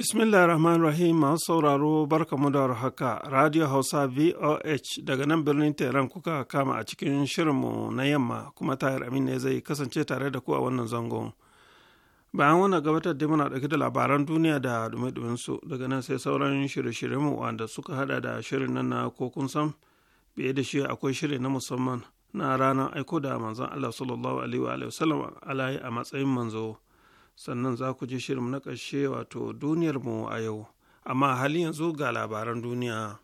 Bismillah rahman rahim masu sauraro barkamu da haka Radio Hausa VOH daga nan birnin Tehran kuka kama a cikin shirin mu na yamma kuma Tahir Amin ne zai kasance tare da ku a wannan zangon. Bayan wannan gabatar da muna ɗauki da labaran duniya da dumin su daga nan sai sauran shirye-shiryenmu wanda suka hada da shirin nan na kokun sam san biye da shi akwai shiri na musamman na ranar aiko da manzon Allah sallallahu alaihi wa sallam a matsayin manzo. sannan za ku ji shirin na ƙarshe wato duniyarmu a yau amma hali yanzu ga labaran duniya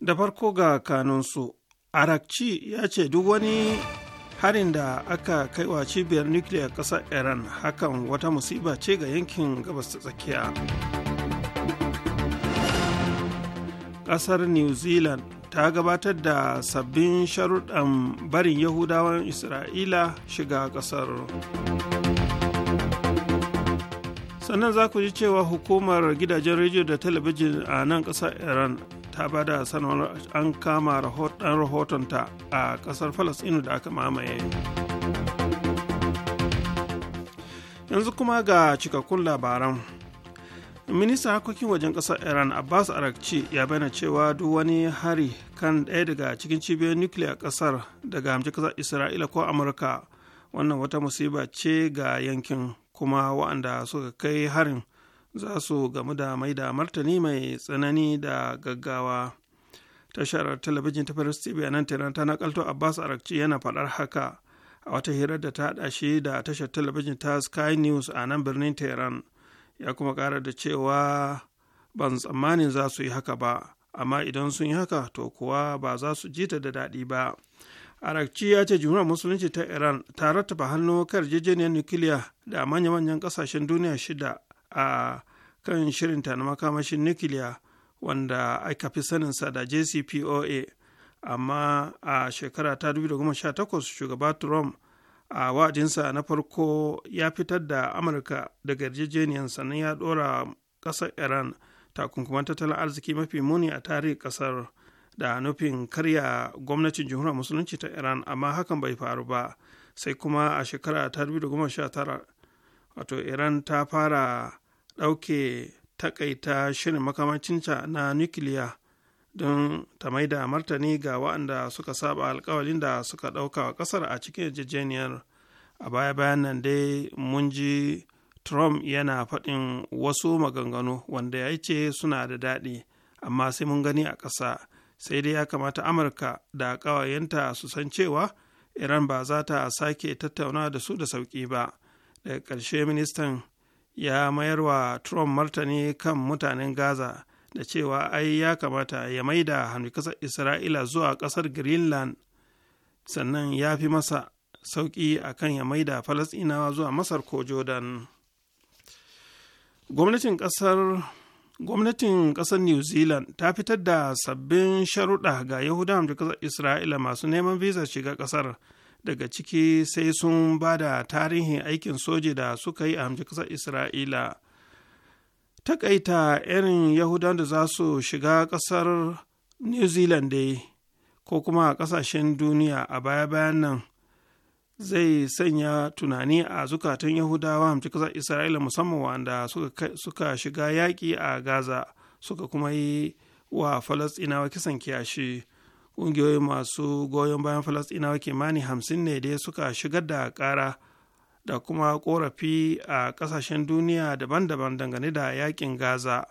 da farko ga kanunsu arakci ya ce duk wani harin da aka kaiwa cibiyar nukiliyar ƙasar iran hakan wata musiba ce ga yankin gabas ta tsakiya Kasar new zealand ta gabatar da sabbin sharuɗan barin yahudawan isra'ila shiga ƙasar sannan za ku ji cewa hukumar gidajen rediyo da talabijin a nan ƙasar iran ta ba da sanarwar an kama rahoton rahotonta a ƙasar falasɗinu da aka mamaye yanzu kuma ga cikakkun labaran ministan harkokin wajen ƙasar iran abbas arakci ya bayyana cewa duk wani hari kan ɗaya daga cikin cibiyoyin nukiliya kasar daga hamci kasar isra'ila ko amurka wannan wata musiba ce ga yankin kuma wa'anda suka kai harin za su gamu da mai da martani mai tsanani da gaggawa tashar talabijin ta paris tv a nan tiran ta nakalto abbas arakci yana faɗar haka a wata hirar da ta haɗa shi da tashar talabijin ta sky news a nan birnin tehran ya kuma kara da cewa ban tsammanin za su yi haka ba amma idan sun yi haka to kuwa ba za su ji da daɗi ba arakci ya ce jihunan musulunci ta iran ta rattaba hannu kan yarjejeniyar nukiliya da manya-manyan ƙasashen duniya shida a kan shirinta na makamashin nukiliya wanda aka fi sanin sa da jcpoa amma a shekara ta 2018 shugaba trump a wa'adinsa na farko ya fitar da amurka daga yarjejeniyar sannan ya ɗora ƙasar iran takunkuman tattalin arziki mafi muni a tarihin ƙasar da nufin karya gwamnatin jamhuriyar musulunci ta iran amma hakan bai faru ba sai kuma a shekara ta 2019 wato iran ta fara ɗauke takaita shirin makamancinta na nukiliya don ta mai da martani ga waɗanda suka saba alkawalin da suka ɗauka wa ƙasar a cikin yarjejeniyar a baya bayan nan dai mun ji trump yana faɗin wasu maganganu wanda ya ce suna da daɗi amma sai mun gani a ƙasa sai dai ya kamata amurka da ƙawayenta su san cewa iran ba za ta sake tattauna da su da sauƙi ba daga ƙarshe ministan ya mayar wa trump martani kan mutanen gaza da cewa ai ya kamata ya maida hannu kasar isra'ila zuwa kasar greenland sannan ya fi masa sauƙi a kan ya maida falasinawa zuwa masar ko jordan gwamnatin ƙasar new zealand ta fitar da sabbin sharuɗa ga yahudawan da ƙasar isra'ila masu neman visa shiga ƙasar daga ciki sai sun ba da tarihin aikin soji da suka yi a hamji ƙasar isra'ila takaita irin yahudan da za su shiga ƙasar new zealand dai ko kuma a ƙasashen duniya a baya-bayan nan zai sanya tunani a zukatan yahudawa hamci ƙasar isra'ila musamman wanda suka shiga yaƙi a gaza suka kuma yi wa falasɗinawa kisan kiyashi ƙungiyoyi masu goyon bayan falastinawa kimanin hamsin ne dai suka shigar da ƙara da kuma korafi a kasashen duniya daban-daban dangane da yakin gaza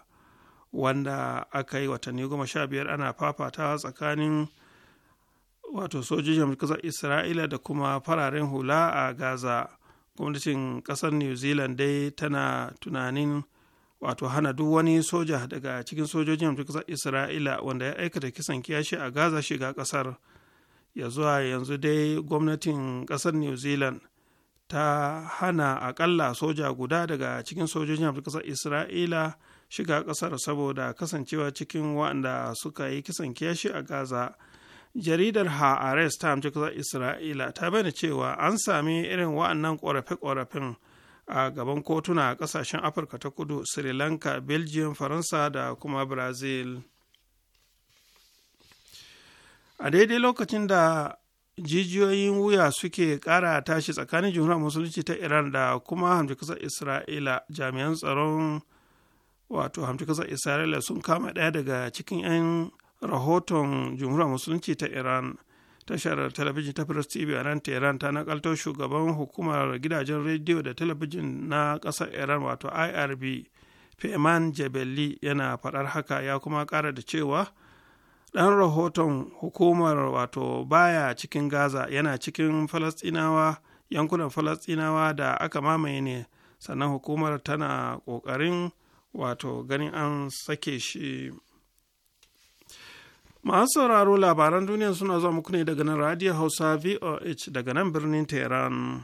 wanda aka yi watanni goma sha biyar ana fafatawa tsakanin wato sojojin kasar isra'ila da kuma fararen hula a gaza gwamnatin kasar new zealand dai tana tunanin wato hana duk wani soja daga cikin sojojin kasar isra'ila wanda ya aikata kisan kiyashi a gaza shiga kasar ya zuwa yanzu dai gwamnatin kasar new zealand ta hana akalla soja guda daga cikin sojojin afirka isra'ila shiga ƙasar saboda kasancewa cikin waɗanda suka yi kisan kiyashi a gaza jaridar haares ta amci kasar isra'ila ta bayyana cewa an sami irin wa'annan ƙorafe-ƙorafen a gaban kotuna a ƙasashen afirka ta kudu sri lanka belgium faransa da kuma brazil a daidai lokacin da jijiyoyin wuya suke kara tashi tsakanin jumhuriyar musulunci ta iran da kuma hamji isra'ila jami'an tsaron wato isra'ila sun kama ɗaya daga cikin 'yan rahoton jumhuriyar musulunci ta iran tashar talabijin ta press tv a nan tehran ta nakalto shugaban hukumar gidajen rediyo da talabijin na ƙasar iran wato irb peman jabelli yana faɗar haka ya kuma ƙara da cewa Dan rahoton hukumar wato baya cikin gaza yana cikin falastinawa yankunan falastinawa da aka mamaye ne sannan hukumar tana kokarin wato ganin an sake shi masu sauraro labaran duniya suna zuwa muku ne daga nan radio hausa voh daga nan birnin tehran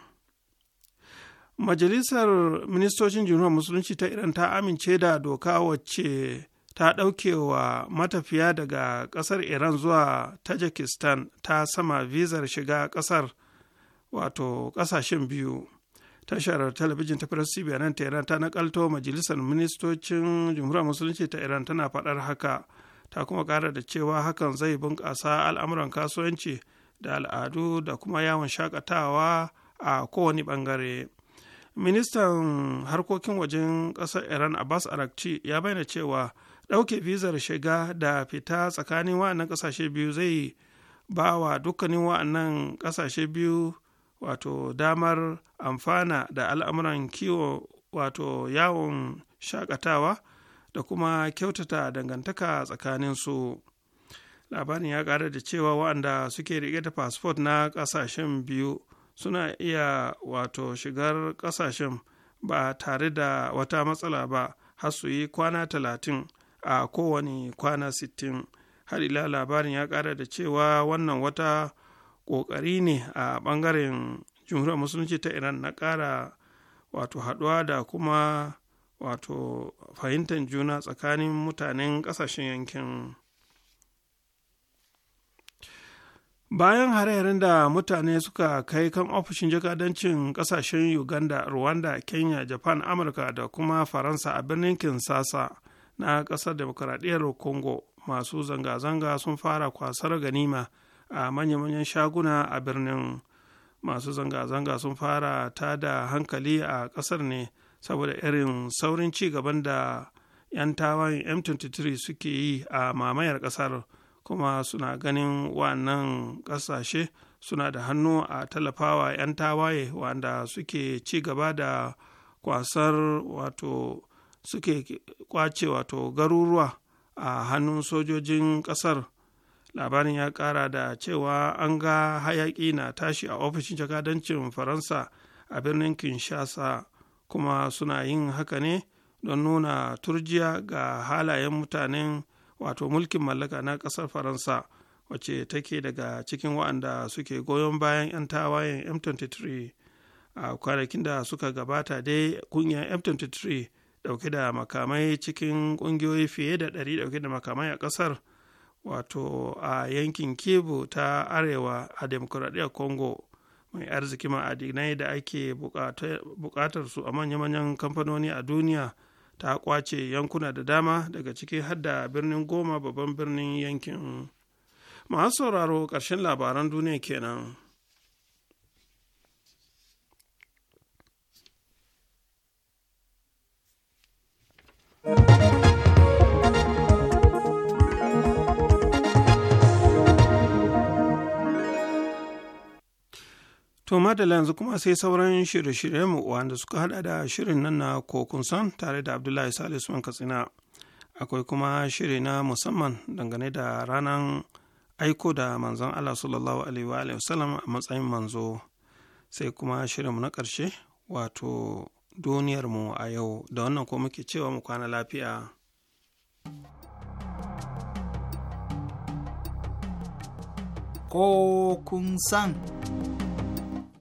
majalisar ministocin jinuwar musulunci ta iran ta amince da doka wacce ta ɗaukewa matafiya daga ƙasar iran zuwa tajikistan ta sama vizar shiga ƙasar wato ƙasashen biyu tashar talabijin ta firas cibiyar nan ta iran ta nakalto majalisar ministocin jamhuriyar musulunci ta iran tana faɗar haka ta kuma ƙara da cewa hakan zai bunƙasa al'amuran kasuwanci da al'adu da kuma yawon shakatawa a kowane ɓangare ministan harkokin wajen ƙasar iran abbas arakci ya bayyana cewa ɗauke bizar shiga da fita tsakanin wa'annan ƙasashe biyu zai ba wa dukkanin wa'annan ƙasashe biyu wato damar amfana da al'amuran kiwo wato yawon shakatawa da kuma kyautata dangantaka tsakanin su labarin ya ƙara da cewa wa'anda suke riƙe da fasfot na ƙasashen biyu suna iya wato shigar ƙasashen ba tare da wata matsala ba har su yi kwana talatin a kowane kwana sittin har ila labarin ya kara da cewa wannan wata kokari ne a bangaren jumhuriyar musulunci ta iran na kara wato haɗuwa da kuma wato fahimtar juna tsakanin mutanen kasashen yankin bayan hare-haren da mutane suka kai kan ofishin jakadancin ƙasashen uganda rwanda kenya japan amurka da kuma faransa a birnin kinsasa na ƙasar demokuraɗiyyar congo masu zanga-zanga sun fara kwasar ganima a manya-manyan shaguna a birnin masu zanga-zanga sun fara ta da hankali a ƙasar ne saboda irin saurin ci gaban da 'yan tawayen m23 suke yi a mamayar ƙasar kuma suna ganin wannan ƙasashe suna da hannu a tallafawa 'yan tawaye wanda suke ci gaba da kwasar wato suke kwace wato garuruwa a hannun sojojin ƙasar labarin ya ƙara da cewa an ga hayaƙi na tashi a ofishin jakadancin faransa a birnin kinshasa kuma suna yin haka ne don nuna turjiya ga halayen mutanen wato mulkin mallaka na ƙasar faransa wacce take daga cikin waɗanda suke goyon bayan 'yan tawayen m23 a kwanakin da suka gabata dai kungiyar m23 dauke da makamai cikin kungiyoyi fiye da ɗari dauke da makamai a ƙasar wato a yankin kebu ta arewa a demokuraɗiyar congo mai arziki ma'adinai da ake buƙatar su a manya-manyan kamfanoni a duniya ta kwace yankuna da dama daga ciki har da birnin goma babban birnin yankin masu sauraro ƙarshen labaran duniya kenan. To Madala yanzu kuma sai sauran shirye-shirye mu wanda suka hada da shirin nan na kokun san tare da Abdullahi Salisu man Katsina. Akwai kuma shiri na musamman dangane da ranar aiko da manzon Allah sallallahu alaihi wa sallam a matsayin manzo. Sai kuma mu na ƙarshe wato duniyar mu a yau da wannan ko muke cewa mu kwana lafiya. Ko san.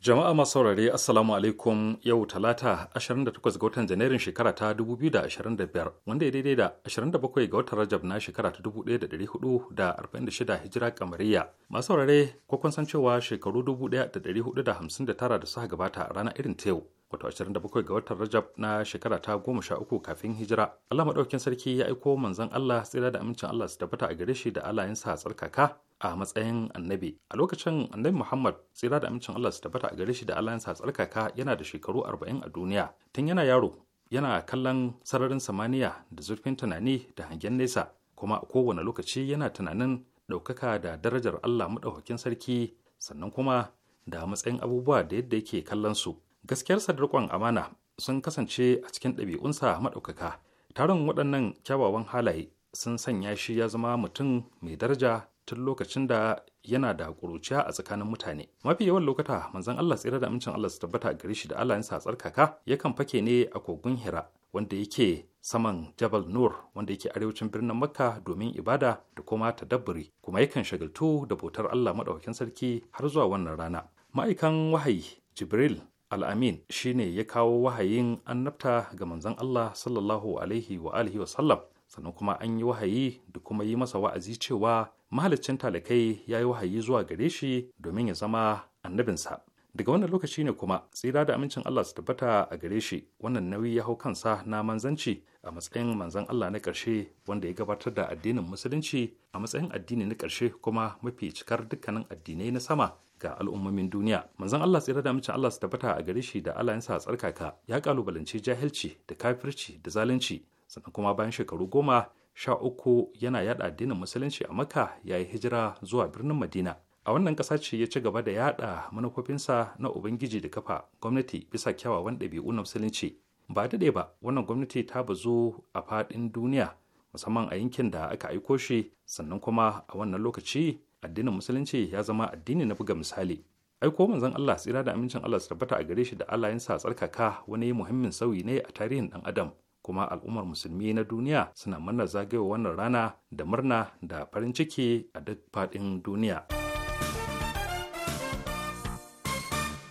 Jama'a masu saurare Assalamu alaikum yau Talata 28 ga watan Janairun shekara ta 2025 wanda ya daidai da 27 ga watan Rajab na shekara ta 1446 Hijira kamariya. Masu saurare ko san cewa shekaru 1459 da suka gabata a ranar irin ta yau. wato 27 ga watan Rajab na shekara ta uku kafin hijira. Allah maɗaukin sarki ya aiko manzon Allah tsira da amincin Allah su tabbata a gare shi da alayensa a tsarkaka a matsayin annabi. A lokacin annabi Muhammad tsira da amincin Allah su tabbata a gare shi da alayensa a tsarkaka yana da shekaru 40 a duniya. Tun yana yaro yana kallon sararin samaniya da zurfin tunani da hangen nesa kuma a kowane lokaci yana tunanin ɗaukaka da darajar Allah maɗaukin sarki sannan kuma da matsayin abubuwa da yadda yake kallon su Gaskiyar da riƙon amana sun kasance a cikin ɗabi'unsa maɗaukaka Taron waɗannan kyawawan halaye sun sanya shi ya zama mutum mai daraja tun lokacin da yana da ƙuruciya a tsakanin mutane mafi yawan lokata manzon Allah tsira da amincin Allah su tabbata a gare shi da Allah yansa tsarkaka yakan fake ne a kogun Hira wanda yake saman Jabal Nur wanda yake arewacin birnin Makka domin ibada da kuma tadabburi kuma yakan shagaltu da bautar Allah madaukakin sarki har zuwa wannan rana ma'aikan wahayi Jibril al'amin ne ya kawo wahayin annabta ga manzon Allah sallallahu alaihi wa alihi wa sallam sannan kuma an yi wahayi da kuma yi masa wa'azi cewa mahaliccin talakai ya yi wahayi zuwa gare shi domin ya zama annabinsa daga wannan lokaci ne kuma tsira da amincin Allah su tabbata a gare shi wannan nauyi ya hau kansa na manzanci a matsayin manzan Allah na ƙarshe wanda ya gabatar da addinin musulunci a matsayin addini na ƙarshe kuma mafi cikar dukkanin addinai na sama ga al'ummomin duniya manzon Allah tsira da mace Allah su tabbata a gare shi da Allah ya sa tsarkaka ya kalubalance jahilci da kafirci da zalunci sannan kuma bayan shekaru goma sha uku yana yada addinin musulunci a makka yayi hijira zuwa birnin madina a wannan ƙasa ce ya ci gaba da yada manufofinsa na ubangiji da kafa gwamnati bisa kyawawan ɗabi'u na musulunci ba daɗe ba wannan gwamnati ta bazu a faɗin duniya musamman a yankin da aka aiko shi sannan kuma a wannan lokaci addinin musulunci ya zama addini na buga misali ai ko manzon Allah tsira da amincin Allah su tabbata a gare shi da Allah sa tsarkaka wani muhimmin sauyi ne a tarihin dan adam kuma al'ummar musulmi na duniya suna murnar zagayowa wannan rana da murna da farin ciki a duk faɗin duniya.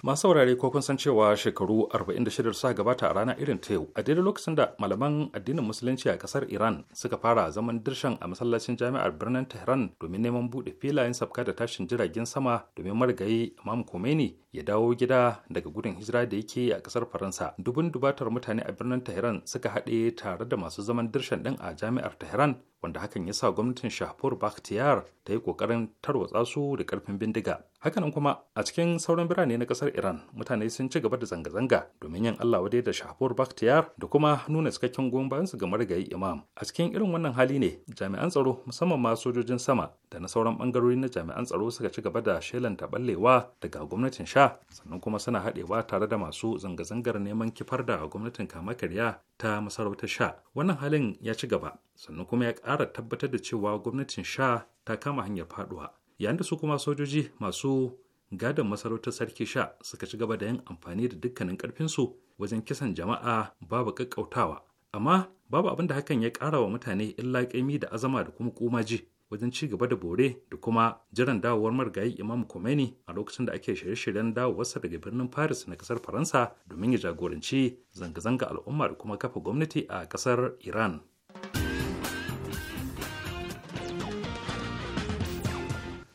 masu saurare ko kun san cewa shekaru 46 suka gabata a rana irin ta yau a daidai lokacin da malaman addinin musulunci a kasar iran suka fara zaman dirshan a masallacin jami'ar birnin tehran domin neman bude filayen sabka da tashin jiragen sama domin marigayi imam khomeini ya dawo gida daga gudun hijira da yake a kasar faransa dubun dubatar mutane a birnin tehran suka haɗe tare da masu zaman dirshan din a jami'ar tehran wanda hakan ya sa gwamnatin shahpur bakhtiyar ta yi kokarin tarwatsa su da karfin bindiga hakanan kuma a cikin sauran birane na kasar iran mutane sun ci gaba da zanga-zanga domin yin allah wadai da shahpur bakhtiyar da kuma nuna cikakken goyon su ga marigayi imam a cikin irin wannan hali ne jami'an tsaro musamman ma sojojin sama da na sauran bangarori na jami'an tsaro suka ci gaba da shelanta ballewa daga gwamnatin sha sannan kuma suna haɗewa tare da masu zanga-zangar neman kifar da gwamnatin kama karya ta masarautar sha wannan halin ya ci gaba sannan kuma ya kara tabbatar da cewa gwamnatin sha ta kama hanyar faduwa yayin da su kuma sojoji masu gadon masarautar sarki sha suka ci gaba da yin amfani da dukkanin ƙarfinsu wajen kisan jama'a babu ƙaƙƙautawa amma babu abin da hakan ya ƙara wa mutane illa kaimi da azama da kuma kumaji wajen ci gaba da bore da kuma jiran dawowar margayi imam Khomeini a lokacin da ake shirye-shiryen dawowarsa daga birnin paris na kasar faransa domin ya jagoranci zanga-zanga al'umma da kuma kafa gwamnati a kasar iran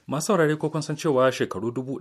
masu saurare ko kun san cewa shekaru 1221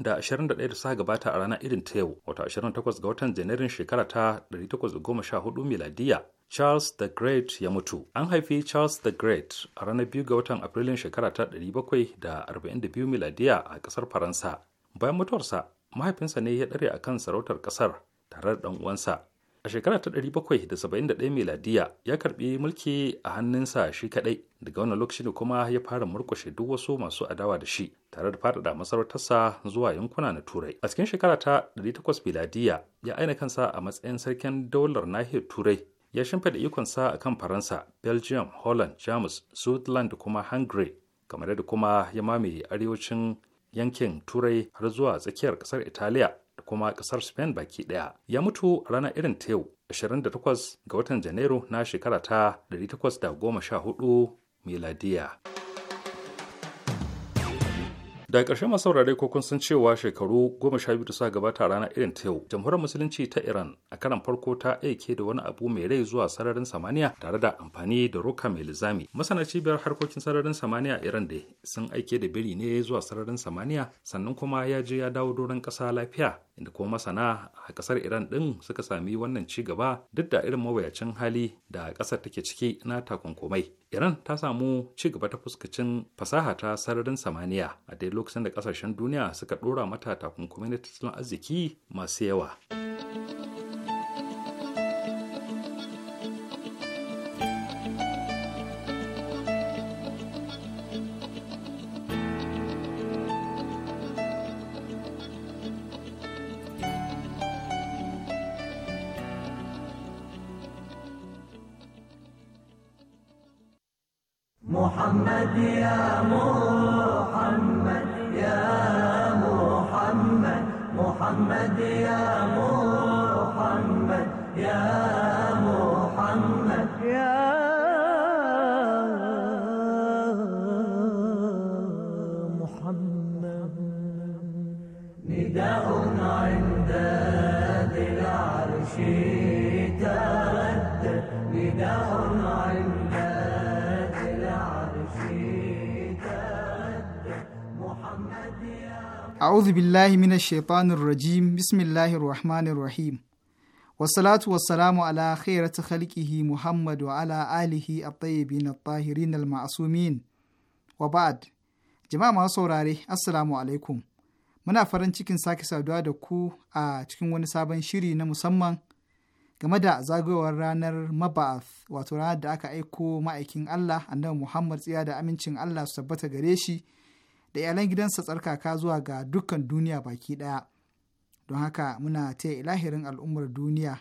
da da ɗaya suka gabata a rana irin ta yau wata 28 ga watan janairun shekara ta 1814 miladiya Charles the Great ya mutu. An haifi Charles the Great a ranar biyu ga watan Afrilun shekara ta 742 miladiya a ƙasar Faransa. Bayan mutuwarsa, mahaifinsa ne ya ɗare a kan sarautar ƙasar tare da ɗan uwansa a shekara ta 771 miladiya ya karbi mulki a hannunsa shi kadai daga wannan lokaci ne kuma ya fara murkushe duk wasu masu adawa da shi tare da faɗaɗa masarautarsa zuwa yankuna na turai a cikin shekara ta 800 miladiya ya aina kansa a matsayin sarkin daular nahiyar turai ya shimfida ikonsa a kan faransa belgium holland jamus switzerland da kuma hungary kamar da kuma ya mame arewacin yankin turai har zuwa tsakiyar ƙasar italiya da kuma kasar Spain baki ɗaya. Ya mutu a ranar irin ta yau 28 ga watan Janairu na shekara ta 1814 miladiya. da ƙarshe masu saurare ko kun san cewa shekaru goma sha biyu suka gabata rana irin ta yau jamhuriyar musulunci ta iran a karan farko ta aike da wani abu mai rai zuwa sararin samaniya tare da amfani da roka mai lizami masana cibiyar harkokin sararin samaniya iran da sun aike da biri ne zuwa sararin samaniya sannan kuma ya je ya dawo doron ƙasa lafiya inda kuma masana a ƙasar iran ɗin suka sami wannan ci gaba duk da irin mawuyacin hali da ƙasar take ciki na takunkumai iran ta samu ci gaba ta fuskacin fasaha ta sararin samaniya a dai lokacin da kasashen duniya suka dora mata takunkumin na tattalin arziki masu yawa. amor. a'udhu billahi minash shaitanir rajim bismillahir rahmanir rahim wassalatu wassalamu ala khairati khalqihi muhammad wa ala alihi at-tayyibin at-tahirin al-ma'sumin wa ba'ad jama'a masu saurare assalamu alaikum muna farin cikin sake saduwa da ku a cikin wani sabon shiri na musamman game da zagayowar ranar maba'ath wato ranar da aka aiko ma'aikin Allah annabi Muhammad tsiya da amincin Allah su tabbata gare shi da iyalan gidansa tsarkaka zuwa ga dukkan duniya baki ɗaya. Don haka muna taya ilahirin al'ummar duniya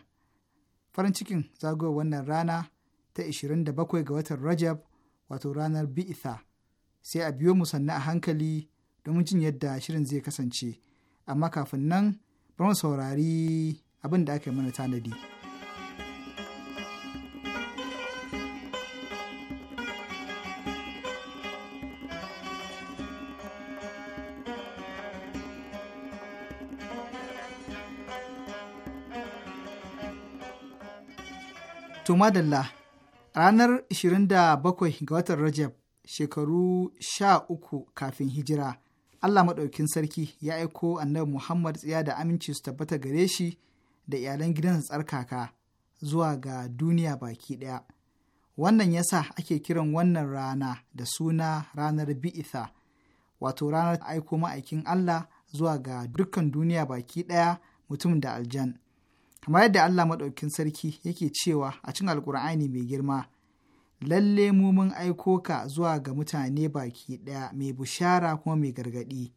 farin cikin zagayowar wannan rana ta 27 ga watan Rajab wato ranar bi'itha sai a biyo mu sannu a hankali domin jin yadda shirin zai kasance amma kafin nan bamu saurari abin da aka yi mana tanadi. To madalla, ranar 27 ga watan Rajab shekaru sha uku kafin hijira, Allah maɗaukin sarki ya aiko annabi Muhammad tsiya da aminci su tabbata gare shi da iyalan gidansa tsarkaka zuwa ga duniya baki ɗaya. Wannan yasa ake kiran wannan rana da suna ranar bi'itha, wato ranar aiko ma'aikin Allah zuwa ga dukkan duniya baki ɗaya mutum da aljan. kamar yadda Allah maɗaukin sarki yake cewa a cikin alkur'ani mai girma lalle mu mun aiko ka zuwa ga mutane baki ɗaya mai bushara kuma mai gargaɗi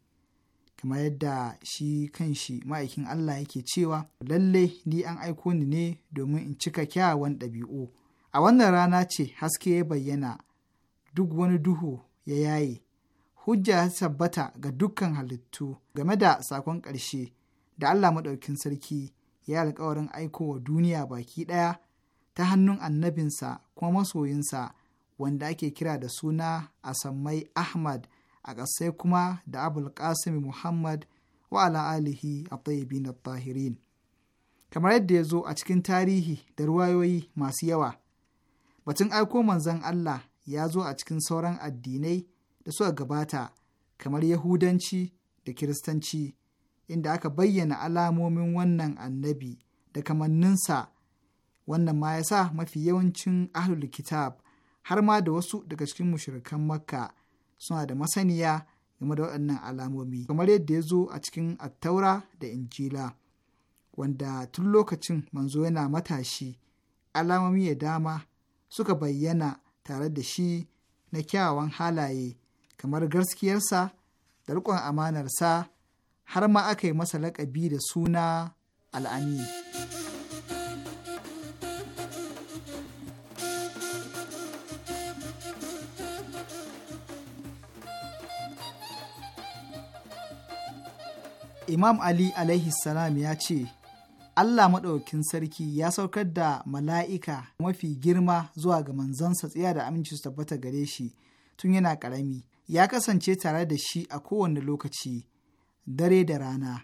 kamar yadda shi kan shi ma'aikin Allah yake cewa lalle ni an aiko ni ne domin in cika kyawawan ɗabi'u a wannan rana ce haske ya bayyana duk wani duhu ya yaye hujja ya tabbata ga dukkan halittu game da sakon ƙarshe da Allah maɗaukin sarki ya alkawarin aikowa duniya baki ɗaya ta hannun annabinsa kuma masoyinsa wanda ake kira da suna a sammai ahmad a ƙasai kuma da abul qasim muhammad wa ala alihi a tahirin kamar yadda ya zo a cikin tarihi da ruwayoyi masu yawa batun aiko manzon allah ya zo a cikin sauran addinai da suka gabata kamar yahudanci da kiristanci inda aka bayyana alamomin wannan annabi da kamanninsa wannan ma ya sa mafi yawancin ahlul kitab har ma da wasu daga cikin mushrikan makka suna da masaniya game da waɗannan alamomi kamar yadda ya zo a cikin attaura da injila wanda tun lokacin manzo yana matashi alamomi ya dama suka bayyana tare da shi na kyawawan halaye kamar gaskiyarsa da riƙon amanarsa har ma aka yi masa laƙabi da suna al'ani. Imam Ali alaihi salam ya ce, Allah maɗaukin sarki ya saukar da mala'ika mafi girma zuwa ga manzansa tsiya da aminci su tabbata gare shi tun yana ƙarami, ya kasance tare da shi a kowane lokaci. dare da rana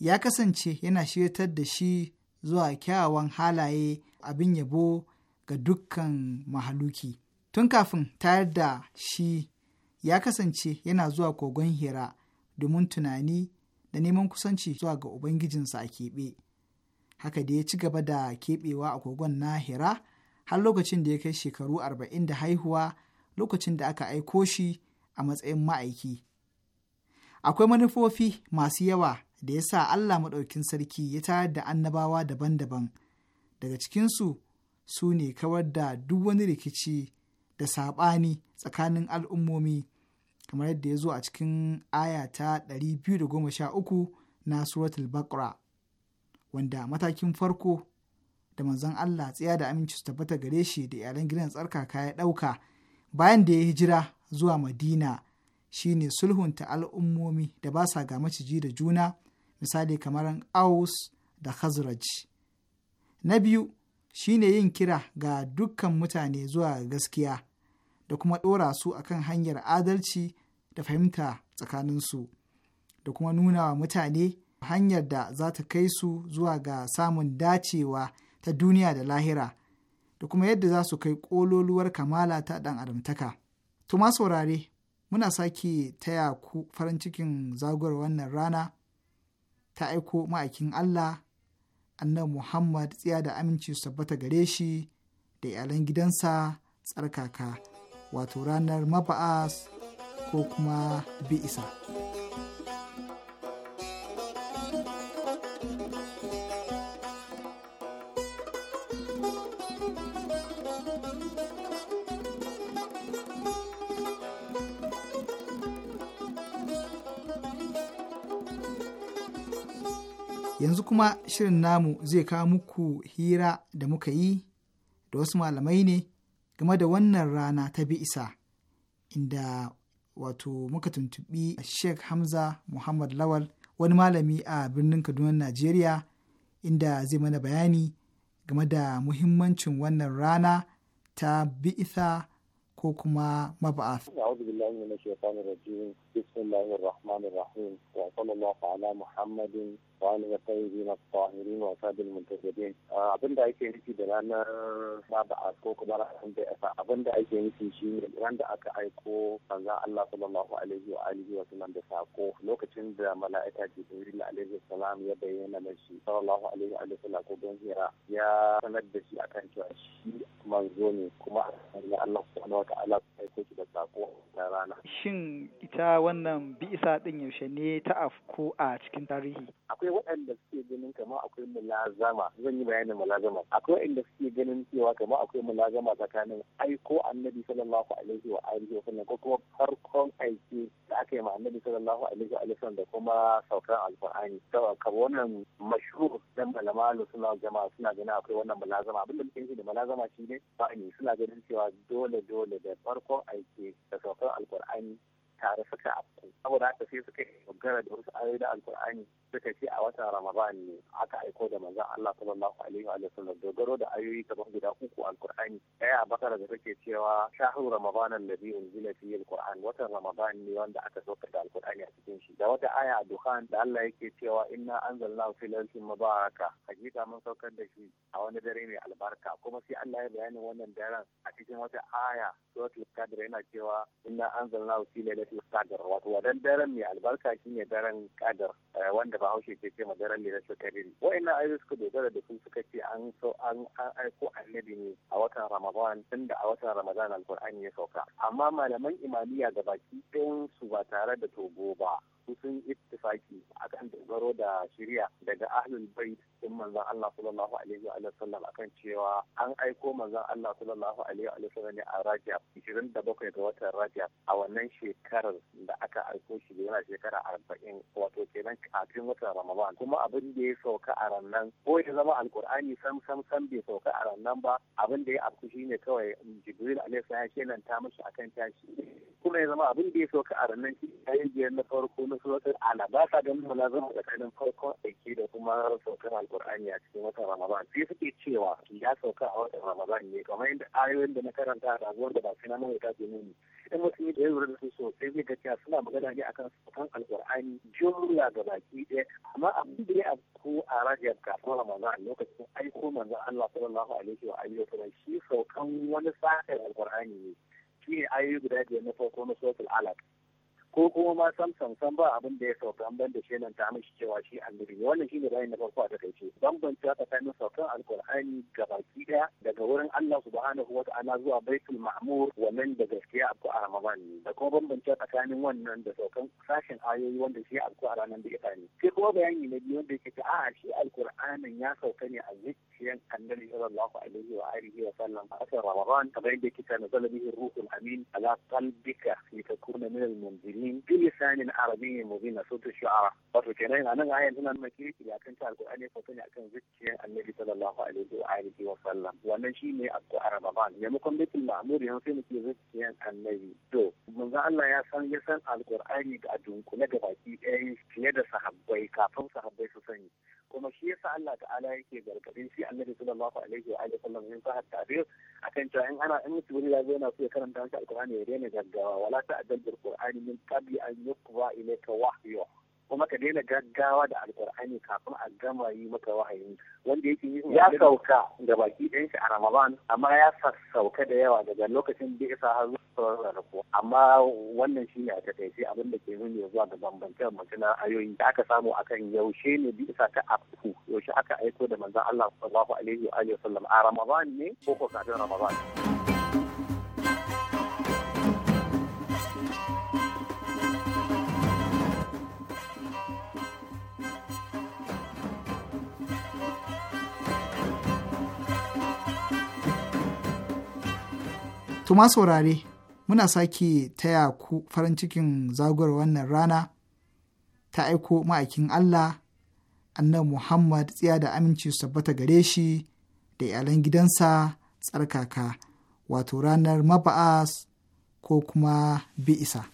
ya kasance yana shirtar da shi zuwa kyawawan halaye abin yabo ga dukkan mahaluki tun kafin tayar da shi ya kasance yana zuwa kogon hira domin tunani da neman kusanci zuwa ga ubangijinsa a keɓe haka da ya ci gaba da keɓewa a kogon na hira har lokacin da ya kai shekaru arba'in da haihuwa lokacin da aka aiko shi a matsayin ma'aiki akwai manufofi masu yawa da ya sa Allah maɗaukin sarki ya tayar da annabawa daban-daban daga cikinsu su ne kawar da duk wani rikici da saɓani tsakanin al'ummomi kamar yadda ya zo a cikin aya ta 213 na suratul bakra wanda matakin farko da manzon Allah tsaya da aminci su tabbata gare shi da iyalan gidan tsarkaka ya ɗauka bayan da ya hijira zuwa Madina shine sulhunta al'ummomi da ba sa ga maciji da juna misali kamar aus da khazraj na biyu shine yin kira ga dukkan mutane zuwa gaskiya da kuma ɗora su akan hanyar adalci da fahimta tsakaninsu da kuma nuna wa mutane hanyar da za ta kai su zuwa ga samun dacewa ta duniya da lahira da kuma yadda za su kai ƙololuwar kamala ta ɗan adamtaka. Tuma saurare muna sake taya ku farin cikin zaguwar wannan rana ta aiko ma'aikin Allah annabi Muhammad tsiya da aminci su tabbata gare shi da iyalan gidansa tsarkaka wato ranar maba'as ko kuma bi'isa. isa. Yanzu kuma shirin namu zai kawo muku hira da muka yi da wasu malamai ne game da wannan rana ta bi'isa inda wato muka tuntubi Sheikh Hamza Muhammad Lawal wani malami a birnin Kaduna Najeriya inda zai mana bayani game da muhimmancin wannan rana ta bi'isa ko kuma mab'ath. A'udhu billahi minash shaitanir rajim. Bismillahir rahmanir rahim. Wa sallallahu ala Muhammadin wani ya sai zina tsahirin wasa bil muntajabin abin da ake nufi da ranar a ko kuma ranar da yasa abin da ake nufi shi ne ran da aka aiko manzon Allah sallallahu alaihi wa alihi wa sallam da sako lokacin da mala'ika Jibril alaihi salam ya bayyana mashi sallallahu alaihi wa sallam ko don hira ya sanar da shi akan cewa shi manzo ne kuma Allah subhanahu wa ta'ala aiko shi da sako da rana shin ita wannan bi'isa din yaushe ne ta afko a cikin tarihi akwai waɗanda suke ganin kama akwai mulazama zan yi bayanin mulazama akwai waɗanda suke ganin cewa kama akwai mulazama tsakanin aiko annabi sallallahu alaihi wa alihi wa sallam ko kuma farkon aiki da aka yi ma annabi sallallahu alaihi wa sallam da kuma saukar alqur'ani to ka wannan mashhur dan malama suna jama'a suna ganin akwai wannan mulazama abinda muke nufi da mulazama shine ba ni suna ganin cewa dole dole da farkon aiki da saukar alqur'ani tare suka afku saboda haka sai suka dogara da wasu ayoyi da alqur'ani suka ce a watan ramadan ne aka aiko da manzon Allah sallallahu alaihi wa sallam dogaro da ayoyi kamar guda uku alqur'ani daya bakara da take cewa shahru ramadan alladhi unzila fihi alqur'an watan ramadan ne wanda aka sauka da alqur'ani a cikin shi da wata aya a duhan da Allah yake cewa inna anzalnahu fi lailatin mubaraka hakika mun saukar da shi a wani dare mai albarka kuma sai Allah ya bayanin wannan daren a cikin wata aya suratul qadr yana cewa inna anzalnahu fi lailatul qadr wato wadan daren mai albarka shine daren qadr eh, wanda da bahaushe ke ce madaran ne na shakariri wa'annan ayoyi suka dogara da su suka ce an so an aiko annabi ne a watan ramadan tunda a watan ramadan alkur'ani ya sauka amma malaman imamiya da baki ɗayan su ba tare da togo ba sun ittifaki akan dogaro da shari'a daga ahlul bait din manzon Allah sallallahu alaihi wa sallam akan cewa an aiko manzon Allah sallallahu alaihi wa sallam ne a Rajab 27 ga watan Rajab a wannan shekarar da aka aiko shi yana shekara 40 wato kenan kafin watan Ramadan kuma abin da ya sauka a rannan ko ya zama alkur'ani sam sam sam bai sauka a rannan ba abin da ya afku shine kawai Jibril alaihi salam kenan ta mishi akan tashi kuma ya zama abin da ya sauka a rannan shi ya na farko na surutun alabasa don nuna zama tsakanin farkon aiki da kuma saukar alkur'ani a cikin watan ramadan sai suke cewa ya sauka a watan ramadan ne kamar yadda ayoyin da na karanta a raguwar da ba su na mawuta ke nuni in mutum da ya lura da su sosai zai ga cewa suna magana ne akan saukan alkur'ani jumla ga baki ɗaya amma abin da ya afku a rajab kafin ramadan lokacin aiko manzon Allah sallallahu alaihi wa alihi wa sallam shi saukan wani sa'in alkur'ani ne shi ne ayoyi guda biyar na farko na suratul alaq ko kuma ma sam sam sam ba abin da ya sauka an ban da ta mishi cewa shi annabi ne wannan shine bayani na farko a takaice bambanta tsakanin saukan alkur'ani gabaki daya daga wurin Allah subhanahu wa ana zuwa baitul ma'mur wannan da gaskiya abu a ramadan da kuma bambanta tsakanin wannan da saukan sashen ayoyi wanda shi abu a ranar da ita ne sai kuma bayani na biyu wanda yake a shi alkur'anin ya sauka ne a zuciyan annabi sallallahu alaihi wa alihi wa sallam a asar ramadan kamar yadda yake ta nazala bihi ruhul amin ala qalbika litakuna min al-munzirin min na arabiyyin mubin na sautu shu'ara wato kenan a nan ayan tana nuna kirki akan ta alqur'ani ko tana akan zuciyar annabi sallallahu alaihi wa alihi wa sallam wannan shine addu'a ramadan maimakon baitul ma'mur yan sai muke zuciyar annabi to manzo Allah ya san ya san alqur'ani da adunkule ga baki ɗaya fiye da sahabbai kafin sahabbai su sani kuma shi yasa Allah ta'ala yake gargadin shi annabi sallallahu alaihi wa alihi sallam min sahar ta'bir akan cewa in ana in mutum ya zo yana so ya karanta shi alqur'ani ya daina gaggawa wala ta'addal bil qur'ani min qabli an yuqra ilayka wahyu kuma ka daina gaggawa da alkur'ani kafin a gama yi maka wahayi wanda yake yi ya sauka da baki ɗin shi a ramadan amma ya sassauka da yawa daga lokacin da sa har zuwa rarrafu amma wannan shi ne a takaice abin da ke nuni zuwa ga bambancen na ayoyi da aka samu a kan yaushe ne bi isa ta afku yaushe aka aiko da manzon Allah sallallahu alaihi wa sallam a ramadan ne ko ko kafin ramadan Tuma saurare, muna sake taya ku farin cikin zagor wannan rana ta aiko ma'aikin Allah, annabi Muhammad tsiya da aminci su tabbata gare shi da iyalan gidansa tsarkaka, wato ranar maba'as ko kuma bi'isa.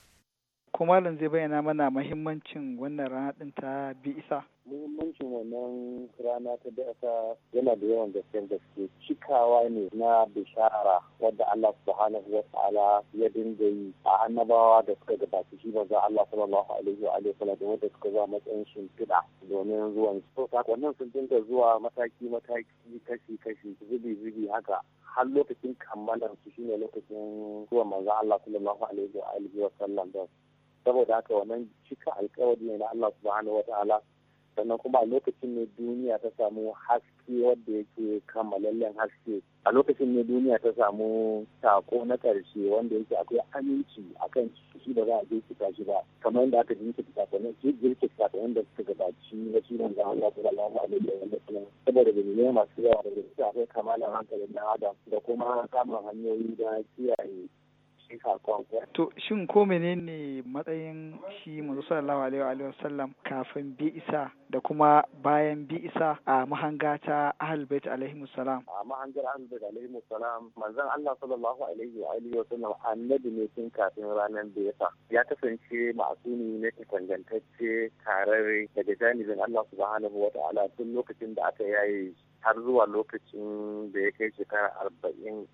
Kuma malam zai bayyana mana mahimmancin wannan rana ɗin ta bi isa muhimmancin wannan rana ta dasa yana da yawan gaske gaske cikawa ne na bishara wadda Allah subhanahu wa ta'ala ya dinga yi a annabawa da suka gabata shi manzo Allah sallallahu alaihi wa alihi wa sallam da suka zuwa matsayin shimfiɗa domin zuwan su wannan sun dinga zuwa mataki mataki kashi kashi zubi zubi haka har lokacin kammalar su shine lokacin zuwan manzo Allah sallallahu alaihi wa alihi wa sallam da saboda haka wannan cika alkawari ne na Allah subhanahu wataala sannan kuma a lokacin ne duniya ta samu haske wadda yake kammalallen haske a lokacin ne duniya ta samu sako na ƙarshe wanda yake akwai aminci akan shi da za a jirkita shi ba kamar yadda aka jirkita sakonin shi jirkita sakonin da suka gabaci na shi ne zama Allah sallallahu alaihi yadda suna saboda da dalilai masu yawa da suka akwai kamalan hankalin na adam da kuma samun hanyoyi da kiyaye To shin ko menene matsayin shi manzo sallallahu alaihi wa sallam kafin bi isa da kuma bayan bi isa a mahanga ta ahlul bait alaihi salam. A mahangar ahlul bait alaihi salam manzon Allah sallallahu alaihi wa alihi wasallam annabi ne tun kafin ranar bi isa. Ya kasance ma'asumi ne tangantacce tarare daga janibin Allah subhanahu wa ta'ala tun lokacin da aka yaye har zuwa lokacin da ya kai shekara arba'in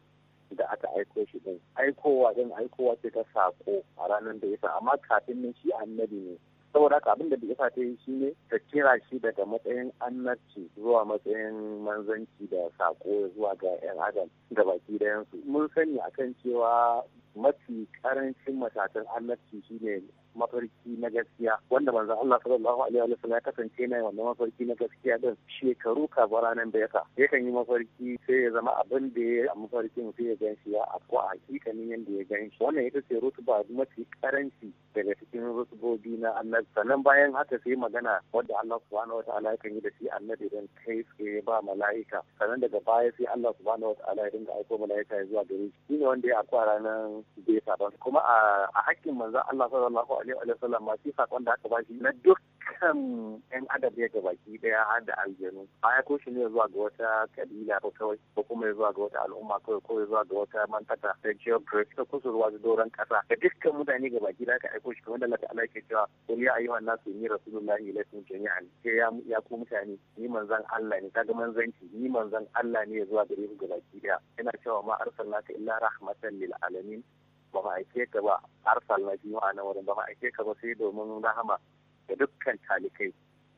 da aka aiko shi din aikowa din aikowa ce ta sako a ranar da isa amma kafin nan shi annabi ne saboda haka abin da bi isa ta yi shi ne ta kira shi daga matsayin annabci zuwa matsayin manzanci da sako zuwa ga yan adam da baki dayansu mun sani akan cewa mafi karancin matakan annabci shine mafarki na gaskiya wanda manzon Allah sallallahu alaihi wa sallam ya kasance ne wannan mafarki na gaskiya din shekaru ka ranar da yasa yakan yi mafarki sai ya zama abin da ya yi a mafarkin sai ya gan shi ya afko a hakikanin yanda ya gan shi wannan ita ce rutuba mafi karanci daga cikin rutubobi na Allah sannan bayan haka sai magana wanda Allah subhanahu wa ta'ala yakan yi da shi annabi don kai tsaye ba mala'ika sannan daga baya sai Allah subhanahu wa ta'ala ya dinga aiko mala'ika zuwa gare shi shine wanda ya afko ranan da ya kuma a hakkin manzon Allah sallallahu alaihi wa sallam ma shi sakon da aka ba shi na dukkan yan adam ya ga baki daya har da aljanu a ya shi ne zuwa ga wata kabila ko kawai ko kuma ya zuwa ga wata al'umma ko ko ya zuwa ga wata mantaka da geography ta kusurwa da doron kasa da dukkan mutane ga baki da aka aiko shi kamar da Allah Allah ke cewa qul ya ayyuhan nasu inni rasulullahi ilaykum jami'an ke ya ya ku mutane ni manzon Allah ne kaga manzanci ni manzon Allah ne ya zuwa gare ku ga baki daya yana cewa ma arsalnaka illa rahmatan lil alamin ba ma aike ka ba har sallah juma'a na wurin ba ma aike ka ba sai domin rahama da dukkan talikai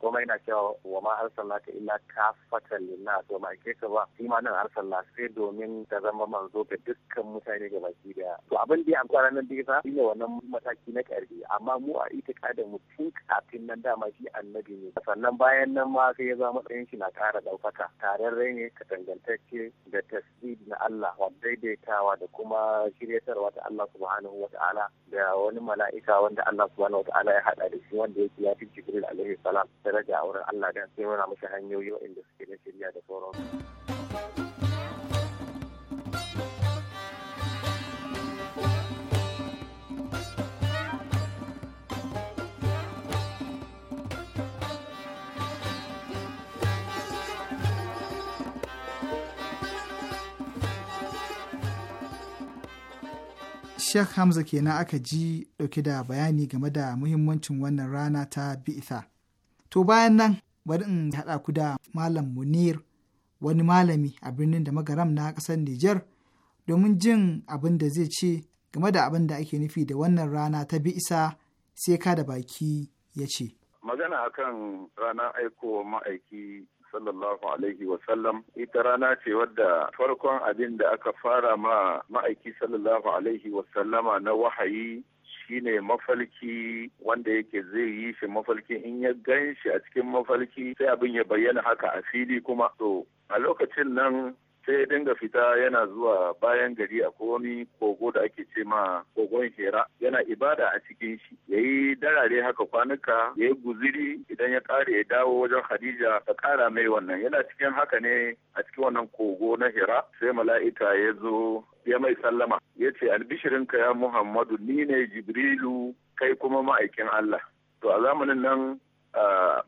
kuma yana cewa wa ma arsalnaka illa ka fata lina to ma ka ba shi ma nan sai domin ta zama manzo ga dukkan mutane ga baki daya to abin da an fara nan bisa ne wannan mataki na karfi amma mu a itikadin mu tun kafin nan dama shi annabi ne sannan bayan nan ma sai ya zama matsayin shi na kara ɗaukaka tararre ne ka dangantacce da tasbih na Allah wa daidaitawa da kuma shiryatarwa ta Allah subhanahu wa ta'ala da wani mala'ika wanda Allah subhanahu wa ta'ala ya hada da shi wanda yake ya fi Jibril alaihi salam da daraja a wurin Allah dan sai muna masa hanyoyi waɗanda suke na shirya da sauran. Sheikh Hamza kenan aka ji dauke da bayani game da muhimmancin wannan rana ta bi'itha. To bayan nan bari in haɗa ku da Malam Munir wani malami a birnin da magaram na ƙasar Nijar domin jin abin da zai ce game da abin da ake nufi da wannan rana ta bi isa sai ka da baki ya ce. Magana akan rana aiko ma'aiki sallallahu alaihi wasallam ita rana ce wadda farkon abin da aka fara ma ma'aiki sallallahu alaihi wasallama na wahayi shine mafalki wanda yake zai yi shi mafalki in ya gan shi a cikin mafalki sai abin ya bayyana haka a fili kuma to a lokacin nan sai ya dinga fita yana zuwa bayan gari a wani kogo da ake ce ma kogon hera yana ibada a cikin shi ya yi darare haka kwanuka ya yi guziri idan ya kare ya dawo wajen hadija ta kara mai wannan yana cikin haka ne a cikin wannan kogo na hira. sai mala'ika ya zo ya mai sallama ya ce albishirinka ya muhammadu ni ne jibrilu kai kuma ma'aikin allah to a zamanin nan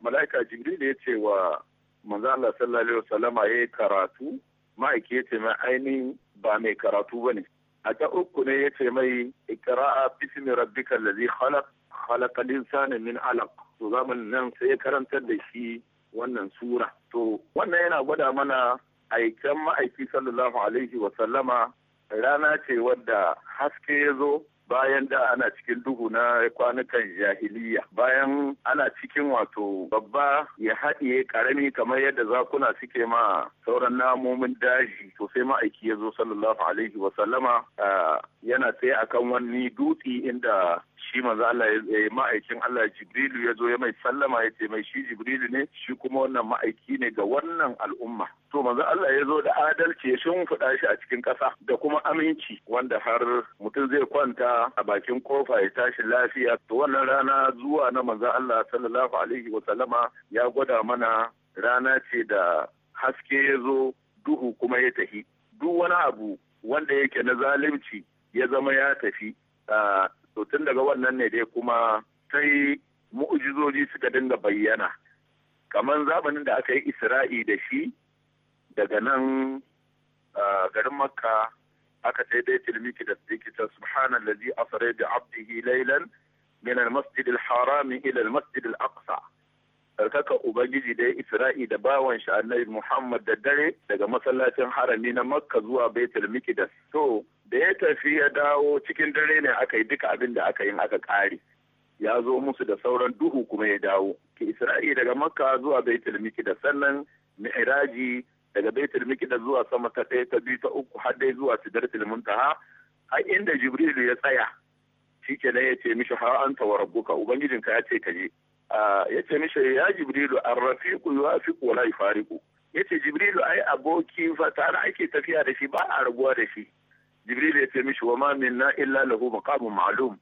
mala'ika jibrilu ya ce wa manzo Allah sallallahu alaihi wasallama ya karatu ma'aiki ya ce mai ainihin ba mai karatu ba ne a ta uku ne ya ce mai ikira'a bismi rabbika allazi khalaq khalaqal insana min alaq to zamanin nan sai ya karantar da shi wannan sura to wannan yana gwada mana aikan ma'aiki sallallahu alaihi wa sallama rana ce wadda haske ya zo bayan da ana cikin duhu na kwanukan jahiliya bayan ana cikin wato babba ya haɗiye karami kamar yadda zakuna suke ma sauran namomin daji to sai ma'aiki ya zo sallallahu alaihi wa yana tsaye akan wani dutse inda shi manzo Allah ya yi ma'aikin Allah Jibrilu ya zo ya mai sallama ya ce mai shi Jibrilu ne shi kuma wannan ma'aiki ne ga wannan al'umma to manzo Allah ya zo da adalci ya shimfiɗa shi a cikin ƙasa da kuma aminci wanda har mutum zai kwanta a bakin kofa ya tashi lafiya to wannan rana zuwa na manzo Allah sallallahu alaihi wa sallama ya gwada mana rana ce da haske ya zo duhu kuma ya tafi duk wani abu wanda yake na zalunci ya zama ya tafi to tun daga wannan ne dai kuma sai mu'ujizoji suka dinga bayyana kamar zamanin da aka yi isra'i da shi daga nan garin makka aka sai dai tilmiki da tikita subhanan lazi asare da abdihi lailan min al-masjid ila al-masjid al-aqsa ubangiji dai isra'i da bawan shi annabi muhammad da dare daga masallacin harami na makka zuwa baitul miqdis to da ya tafi ya dawo cikin dare ne aka yi duka abin da aka yi aka kare. ya zo musu da sauran duhu kuma ya dawo ke isra'i daga makka zuwa baitul da sannan mi'raji daga baitul da zuwa sama ta ɗaya ta biyu ta uku har dai zuwa sidratul muntaha har inda jibrilu ya tsaya shi kenan ya ce mishi har anta wa rabbuka ubangijinka ya ce ka je ya ce mishi ya jibrilu arrafiqu yuwafiqu wa la yufariqu ya ce jibrilu ai aboki fa tare ake tafiya da shi ba a rabuwa da shi jibril ya ce mishi wa ma minna illa lahu maqamun ma'lum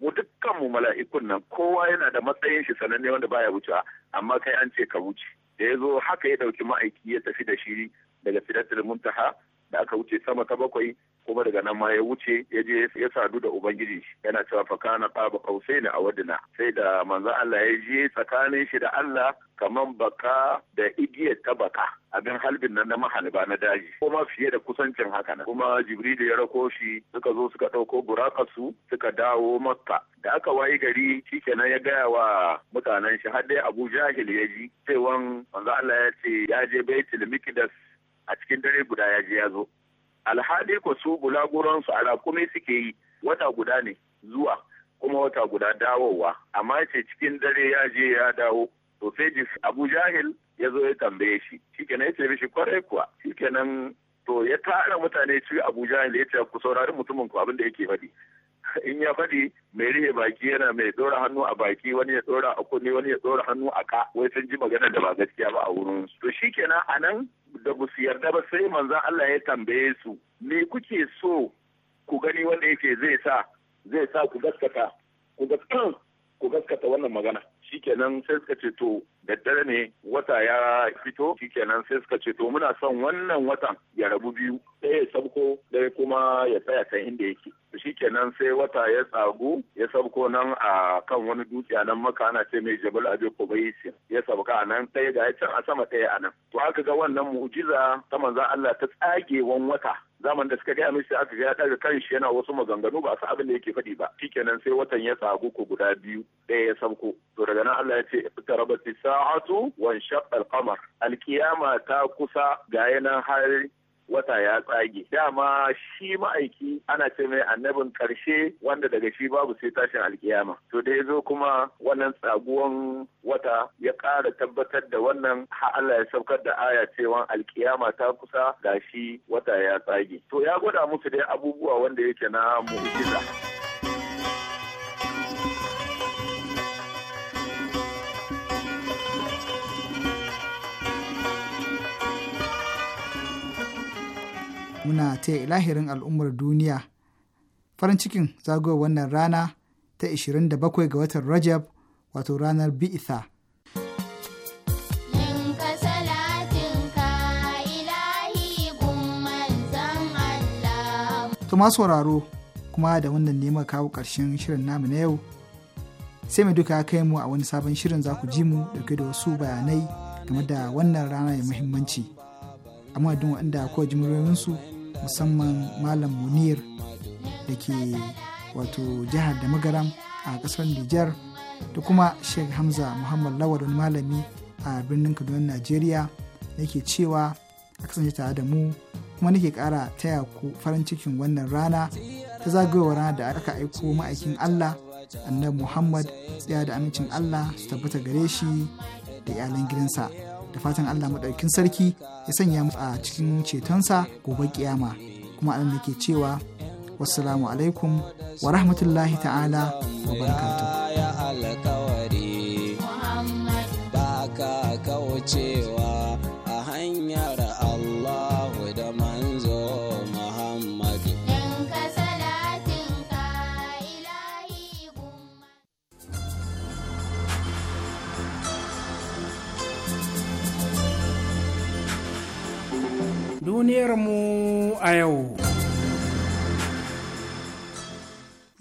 mu dukkan mu mala'ikun nan kowa yana da matsayin shi sananne wanda baya wucewa amma kai an ce ka wuce da ya zo haka ya dauki ma'aiki ya tafi da shi daga fidatul muntaha da aka wuce sama ta bakwai kuma daga nan ma ya wuce ya je ya sadu da ubangiji yana cewa fakana qaba ne a wadina sai da manzo Allah ya je tsakanin shi da Allah kaman baka da igiyar ta baka abin halbin nan na mahaliba na daji kuma fiye da kusancin haka nan kuma jibrilu ya rako shi suka zo suka ɗauko su suka dawo makka da aka wayi gari shikenan ya gaya wa mutanen shi har dai abu jahil ya ji cewan manzo Allah ya ce ya je baitul miqdas a cikin dare guda ya je ya zo alhali ko su bulaguransu a rakumi suke yi wata guda ne zuwa kuma wata guda dawowa amma ce cikin dare ya je ya dawo to sai abu jahil ya zo ya tambaye shi shikenan ya ce mishi kwarai kuwa shikenan to ya tara mutane ci abu jahil ya ce ku saurari mutumin ku abin da yake faɗi in ya faɗi mai rihe baki yana mai ɗora hannu a baki wani ya ɗora a kunne wani ya ɗora hannu a ka wai sun ji magana da ba gaskiya ba a wurin su. to shi kenan a nan da ba su yarda ba sai manzon Allah ya tambaye su me kuke so ku gani wanda yake zai sa zai sa ku gaskata ku gaskata wannan magana shikenan sai suka ce to daddare ne wata ya fito shikenan sai suka ce to muna son wannan watan ya rabu biyu ɗaya ya sabko ɗaya kuma ya tsaya kan inda yake shikenan sai wata ya tsagu ya sabko nan a kan wani dutse a nan maka ana ce mai jabal abe kobaisi ya sabka a nan ɗaya ga can a sama ɗaya a nan to aka ga wannan mu'jiza ta manzan Allah ta tsagewan wata zaman da suka gaya min sai aka ga ya daga kanshi yana wasu maganganu ba su abin da yake faɗi ba shikenan sai watan ya tsagu ko guda biyu ɗaya ya sauko to daga nan Allah ya ce iqtarabat sa'atu wa shaqqa al-qamar al-qiyama ta kusa ga yana har wata ya tsage dama shi ma'aiki ana ce mai annabin karshe wanda daga shi babu sai tashin alkiyama to da ya zo kuma wannan tsaguwan wata ya ƙara tabbatar da wannan har Allah ya saukar da aya cewa alkiyama ta kusa ga shi wata ya tsage to ya gwada musu dai abubuwa wanda yake na mu'jiza muna taya lahirin al'ummar duniya farin cikin zagayowar wannan rana ta 27 ga watan rajab wato ranar bi'itha To masu sauraro kuma da wannan nema kawo ƙarshen shirin namu na yau sai mai duka kai mu a wani sabon shirin za ku ji mu dauke da wasu bayanai game da wannan rana ya muhimmanci amma duk waɗanda kowa ji musamman malam munir da ke wato jihar da magaram a kasar Nijar da kuma Sheikh Hamza Muhammad Lawal wani malami a birnin Kaduna Najeriya ke cewa a kasance tare da mu kuma nake kara taya ku farin cikin wannan rana ta zagayowar rana da aka aiko ma'aikin Allah annabi Muhammad tsaya da amincin Allah su tabbata gare shi da iyalan gidansa. da fatan Allah maɗaukin sarki ya sanya mu a cikin cetonsa gobe kiyama kuma Allah ke cewa wassalamu alaikum wa rahmatullahi ta'ala wa barakatuh kawace duniyarmu a yau.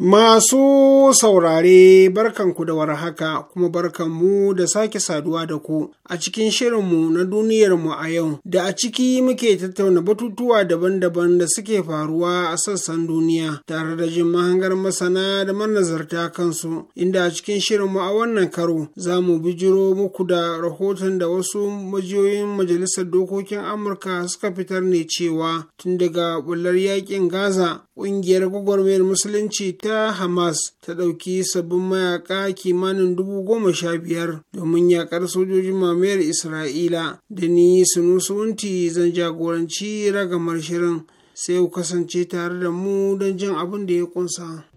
Masu saurare barkanku da warhaka kuma barkanmu da sake saduwa da ku a cikin shirinmu na duniyarmu a yau da a ciki muke tattauna batutuwa daban-daban da suke faruwa a sassan duniya tare da jin mahangar masana da manazarta kansu inda a cikin shirinmu a wannan karo za mu bijiro muku da rahoton da wasu majiyoyin majalisar dokokin Amurka suka fitar ne cewa tun daga bular yakin Gaza ƙungiyar gwagwarmayar musulunci ta hamas ta ɗauki sabbin mayaka kimanin dubu goma sha biyar domin yaƙar sojojin mamayar isra'ila da ni sunusunti zan jagoranci ragamar shirin sai ku kasance tare da mu don jin abin da ya ƙunsa.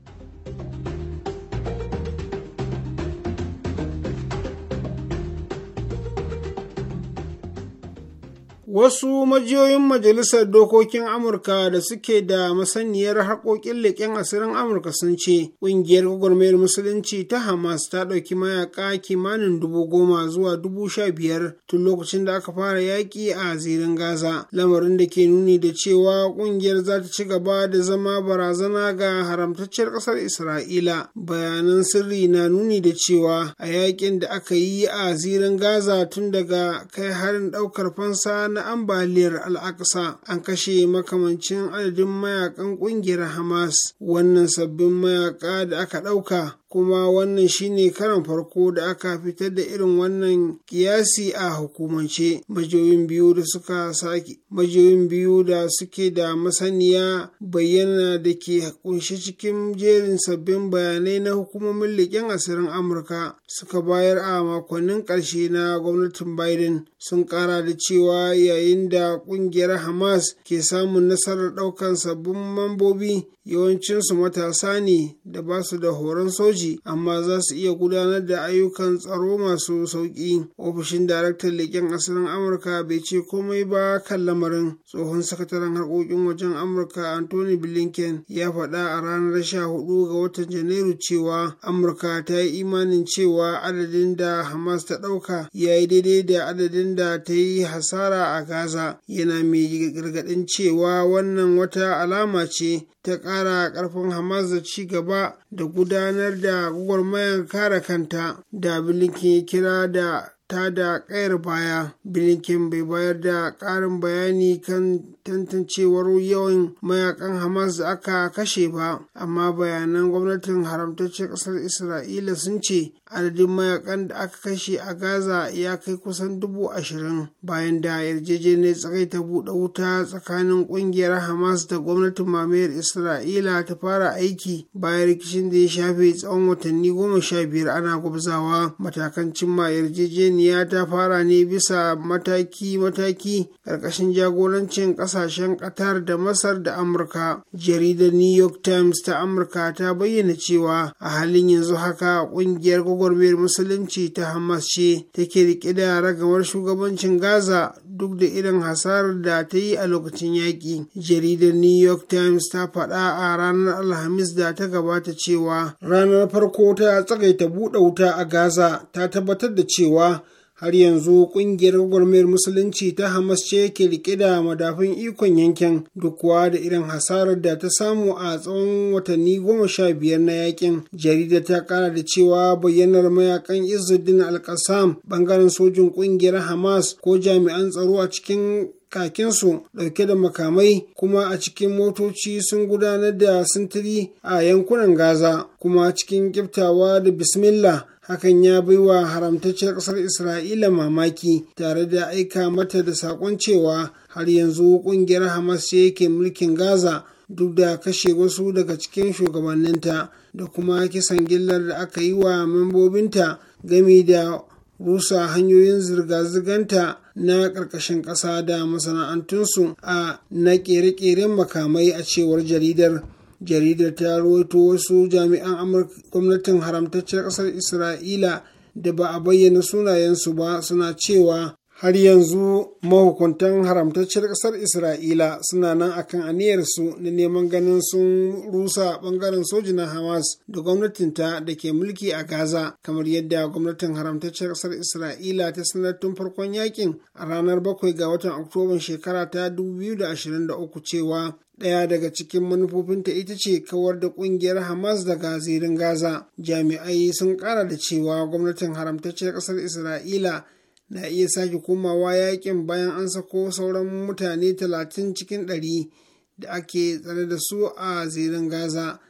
Wasu majiyoyin Majalisar Dokokin Amurka da suke da masaniyar haƙoƙin leƙen asirin Amurka sun ce ƙungiyar gwagwarmayar Musulunci ta Hamas ta ɗauki mayaƙa kimanin dubu goma zuwa dubu sha biyar tun lokacin da aka fara yaƙi a zirin Gaza, lamarin da ke nuni da cewa ƙungiyar za ta ci gaba da zama barazana ga haramtacciyar ƙasar Isra'ila. Bayanan sirri na nuni da cewa a yaƙin da aka yi a zirin Gaza tun daga kai harin ɗaukar fansa na ambaliyar al'aqsa an kashe makamancin adadin mayakan ƙungiyar hamas wannan sabbin mayaka da aka ɗauka kuma wannan shine karan farko da aka fitar da irin wannan kiyasi a hukumance majiyoyin biyu da suka sake majiyoyin biyu da suke da masaniya bayyana da ke kunshe cikin jerin sabbin bayanai na hukumomin leƙen asirin amurka suka bayar a makonnin ƙarshe na gwamnatin biden sun ƙara da cewa yayin da ƙungiyar hamas ke samun nasarar ɗaukan sabbin mambobi yawancinsu matasa ne da ba su da horon soji amma za su iya gudanar da ayyukan tsaro masu sauƙi ofishin daraktan leƙen asirin amurka bai ce komai ba kan lamarin tsohon sakataren harkokin wajen amurka anthony blinken ya faɗa a ranar hudu ga watan janairu cewa amurka ta yi imanin cewa adadin da hamas ta ɗauka ya yi daidai da adadin da ta yi hasara a gaza yana mai gargaɗin cewa wannan wata alama ce ta ƙara ƙarfin Hamas da ci gaba da gudanar da gwagwarmayar kare kanta da Blinken ya kira da ta da kayar baya bilinken bai bayar da karin bayani kan tantancewar yawan mayakan hamas da aka kashe ba amma bayanan gwamnatin haramtaccen ƙasar isra'ila sun ce adadin mayakan da aka kashe a gaza ya kai kusan dubu ashirin bayan da yarjejeniyar tsakai ta buɗe wuta tsakanin ƙungiyar hamas da gwamnatin mamayar isra'ila ta fara aiki bayan rikicin da ya shafe tsawon watanni goma sha biyar ana gwabzawa matakan cimma yarjejeniyar yarjejeniya ta fara ne bisa mataki-mataki ƙarƙashin jagorancin ƙasashen ƙatar da masar da amurka jaridar new york times ta amurka ta bayyana cewa a halin yanzu haka ƙungiyar gwagwarmayar musulunci ta hamas ce take riƙe da ragamar shugabancin gaza duk da irin hasarar da ta yi a lokacin yaƙi jaridar new york times ta faɗa a ranar alhamis da ta gabata cewa ranar farko ta tsagaita buɗe wuta a gaza ta tabbatar da cewa har yanzu kungiyar gwamnatin musulunci ta hamas ce ke rike da madafin ikon yankin duk kuwa da irin hasarar da ta samu a tsawon watanni goma sha biyar na yakin jarida ta kara da cewa bayyanar mayakan izuddin alkasam bangaren sojin kungiyar hamas ko jami'an tsaro a cikin kakinsu ɗauke da makamai kuma a cikin motoci sun gudanar da sintiri a yankunan Gaza kuma cikin kiftawa da bismillah hakan ya bai wa haramtacciyar ƙasar Isra'ila mamaki tare da aika mata da sakon cewa har yanzu ƙungiyar Hamas ce yake mulkin Gaza duk da kashe wasu daga cikin shugabanninta da kuma kisan gillar da aka yi wa membobinta gami da rusa hanyoyin zirga-zirganta na ƙarƙashin ƙasa da masana'antunsu a na ƙere-ƙeren makamai a cewar jaridar jaridar ta rawaito wasu jami'an gwamnatin haramtaccen ƙasar isra'ila da ba a bayyana sunayensu ba suna cewa har yanzu mahukuntan haramtacciyar ƙasar isra'ila suna nan akan su na neman ganin sun rusa ɓangaren soji na hamas da gwamnatinta da ke mulki a gaza kamar yadda gwamnatin haramtacciyar ƙasar isra'ila ta sanar tun farkon yakin a ranar bakwai ga watan oktoban shekara ta 2023 cewa Ɗaya daga cikin manufofinta ita ce kawar da ƙungiyar Hamas daga zirin Gaza. Jami'ai sun ƙara da cewa gwamnatin haramtacciyar ƙasar Isra'ila na iya sake komawa yakin bayan an sako sauran mutane talatin cikin ɗari da ake tsare da su a zirin gaza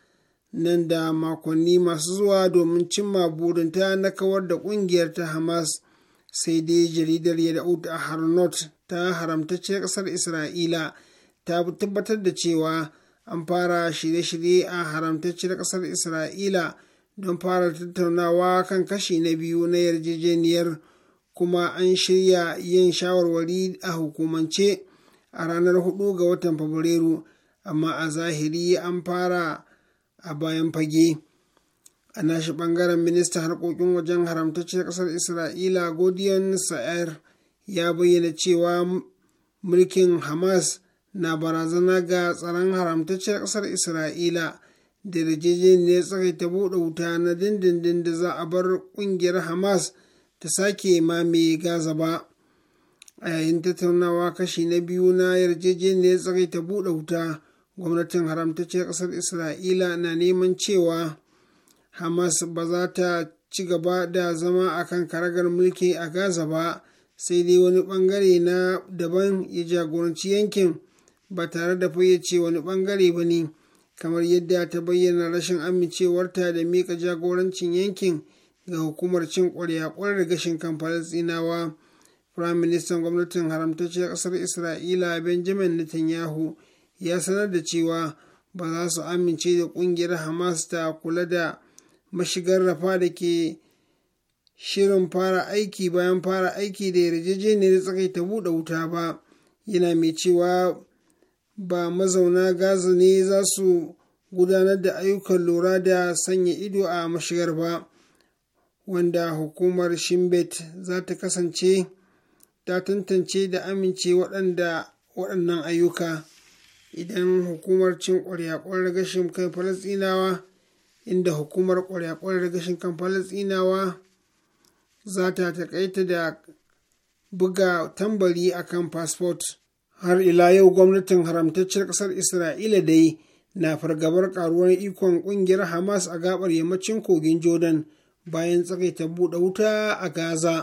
nan da makonni masu zuwa domin cimma burinta na kawar da ƙungiyar ta hamas sai dai jaridar yadda'ud a harnot ta haramtacce ƙasar isra'ila ta tabbatar da cewa an fara shirye-shirye a haramtacciyar ƙasar isra'ila don fara tattaunawa kan kashi na biyu na yarjejeniyar kuma an shirya yin shawarwari a hukumance a ranar 4 ga watan Fabrairu, amma a zahiri an fara a bayan fage. A nashi ɓangaren ministan harkokin wajen haramtacciyar Kasar Isra'ila Godiyan Sa'ar ya bayyana cewa mulkin Hamas na barazana ga tsaron haramtacciyar Kasar Isra'ila da tsaka tsakaita buɗe wuta na dindindin da za a bar ƙungiyar Hamas. ta sake mame gaza ba a yayin tattaunawa kashi na biyu na yarjejeniyar tsakai ta buɗe wuta gwamnatin haramtacciyar ƙasar isra'ila na neman cewa hamas ba za ta ci gaba da zama a kan karagar mulki a gaza ba sai dai wani ɓangare na daban ya jagoranci yankin ba tare da fayyace wani ɓangare ba ne kamar yadda ta bayyana rashin amincewarta da miƙa jagorancin yankin ga hukumar cin ƙwarya ƙwarar gashin kan falasɗinawa firayim ministan gwamnatin haramtacciyar ƙasar isra'ila benjamin netanyahu ya sanar da cewa ba za su amince da ƙungiyar hamas ta kula da mashigar rafa da ke shirin fara aiki bayan fara aiki da yarjejeniyar ta buɗe wuta ba yana mai cewa ba mazauna gaza ne za su gudanar da ayyukan lura da sanya ido a mashigar ba wanda hukumar shimbet za ta kasance ta tantance da amince waɗanda waɗannan ayyuka idan hukumar cin ƙwarya-ƙwarar gashin kan falasinawa inda hukumar ƙwarya-ƙwarar gashin kan falasinawa za ta taƙaita da buga tambari a kan fasfot har ila yau gwamnatin haramtaccen ƙasar isra'ila dai na fargabar ƙaruwar ikon ƙungiyar hamas a gabar yammacin kogin jordan bayan tsagaita buɗe wuta a Gaza.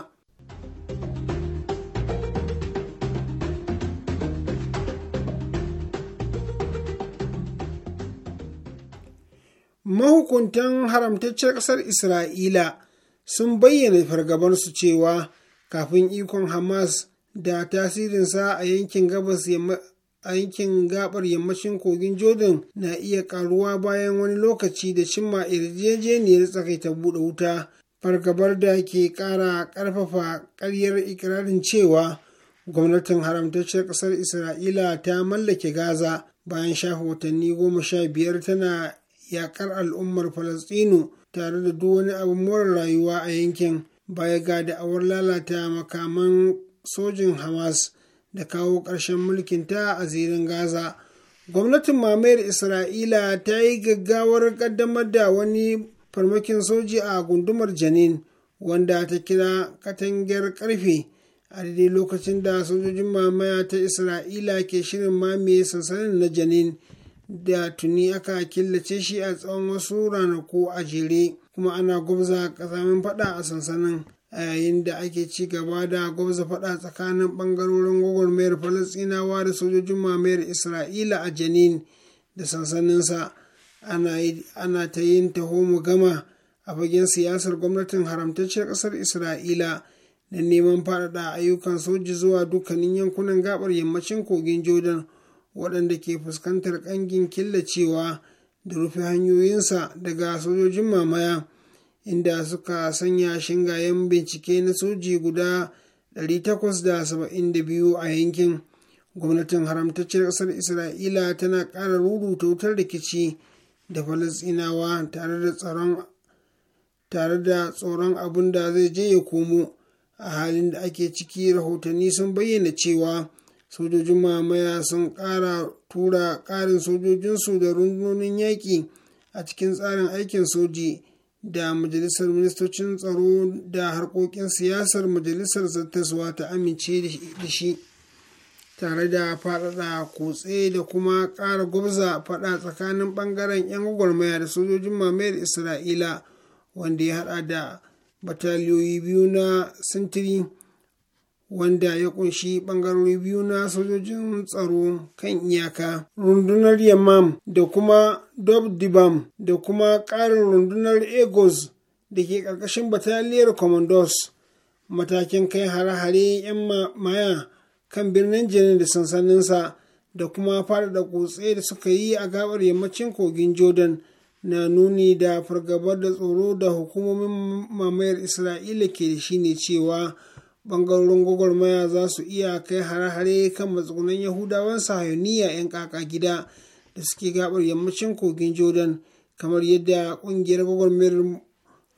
Mahukuntan haramtaccen ƙasar Isra'ila sun bayyana fargabansu cewa kafin ikon Hamas da tasirinsa a yankin gabas a yankin gabar yammacin kogin jordan na iya karuwa bayan wani lokaci da cimma yarjejeniyar ta buɗe wuta fargabar da ke kara karfafa karyar ikirarin cewa gwamnatin haramtacciyar ƙasar isra'ila ta mallake gaza bayan shafa watanni goma sha biyar tana yakar al'ummar falastinu tare da duk wani abu more rayuwa a yankin baya ga da'awar lalata makaman sojin hamas da kawo ƙarshen mulkinta a zirin gaza gwamnatin mamayar isra'ila ta yi gaggawar ƙaddamar da wani farmakin soji a gundumar janin wanda ta kira katangar ƙarfe a daidai lokacin da sojojin mamaya ta isra'ila ke shirin mamaye sansanin na janin da tuni aka killace shi a tsawon wasu ranaku a jere kuma ana gwabza ƙasamin faɗa a sansanin a yayin da ake ci gaba da gwamza faɗa tsakanin ɓangarorin gwagwarmayar falasinawa da sojojin mamayar isra'ila a janin da sansaninsa ana ta yin taho mu gama a fagen siyasar gwamnatin haramtacciyar ƙasar isra'ila da neman faɗaɗa ayyukan soji zuwa dukkanin yankunan gabar yammacin kogin jordan waɗanda ke fuskantar ƙangin killacewa da rufe hanyoyinsa daga sojojin mamaya inda suka sanya shingayen bincike na soji guda 872 a yankin gwamnatin haramtaccen ƙasar isra'ila tana ƙara ta wutar rikici da falasinawa tare da tare da tsoron abin da zai je ya komo a halin da ake ciki rahotanni sun bayyana cewa sojojin mamaya sun ƙara tura ƙarin sojojinsu da rundunonin yaƙi a cikin tsarin aikin soji da majalisar ministocin tsaro da harkokin siyasar majalisar zattaswa ta amince da shi tare da faɗaɗa kutse da kuma ƙara gwabza faɗa tsakanin ɓangaren 'yan gwagwarmaya da sojojin mamayar isra'ila wanda ya haɗa da bataliyoyi biyu na sintiri wanda ya kunshi bangarori biyu na sojojin tsaro kan iyaka rundunar yamam da kuma dobdibam da kuma ƙarin rundunar egos da ke ƙarƙashin bataliyar commandos matakin kai hare-hare 'yan maya kan birnin jenin da sansaninsa da kuma faɗaɗa kutse da suka yi a gabar yammacin kogin jordan na nuni da fargabar da tsoro da hukumomin mamayar isra'ila ke da shi ne cewa bangarorin gwagwarmaya za su iya kai hare-hare kan matsugunan yahudawan sahayoniya 'yan kaka gida da suke gabar yammacin kogin jordan kamar yadda ƙungiyar gwagwarmayar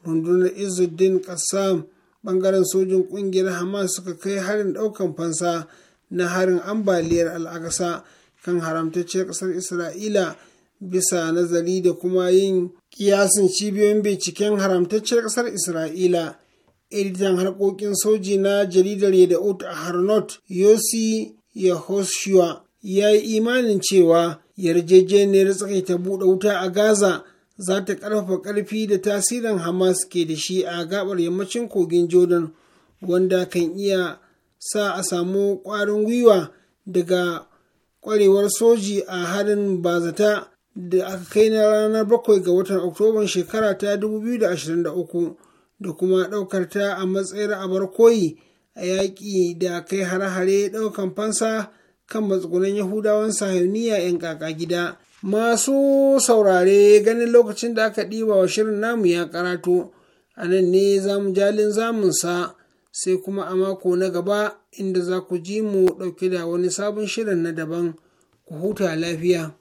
rundunar Izudin kassam bangaren sojin ƙungiyar hamas suka kai harin ɗaukan fansa na harin ambaliyar al'akasa kan haramtacciyar ƙasar isra'ila bisa nazari da kuma yin kiyasin cibiyoyin binciken haramtacciyar ƙasar isra'ila editan harkokin soji na jaridar yadda'ut a harnot yosi yahoshua ya yi imanin cewa yarjejeniyar ta buɗe wuta a gaza za ta ƙarfafa ƙarfi da tasirin hamas ke da shi a gabar yammacin kogin jordan wanda kan iya sa a samu ƙwarin gwiwa daga ƙwarewar soji a harin bazata da aka kai na ranar bakwai ga watan oktoban shekara ta 2023 da kuma ɗaukar ta a matsayin abar koyi a yaƙi da kai hare-hare ɗaukan fansa kan matsugunan yahudawan sahiniya 'yan kaka gida masu saurare ganin lokacin da aka ɗiba wa shirin namu ya karatu a nan ne zamu jalin zamunsa sai kuma a mako na gaba inda za ku ji mu ɗauke da wani sabon shirin na daban ku huta lafiya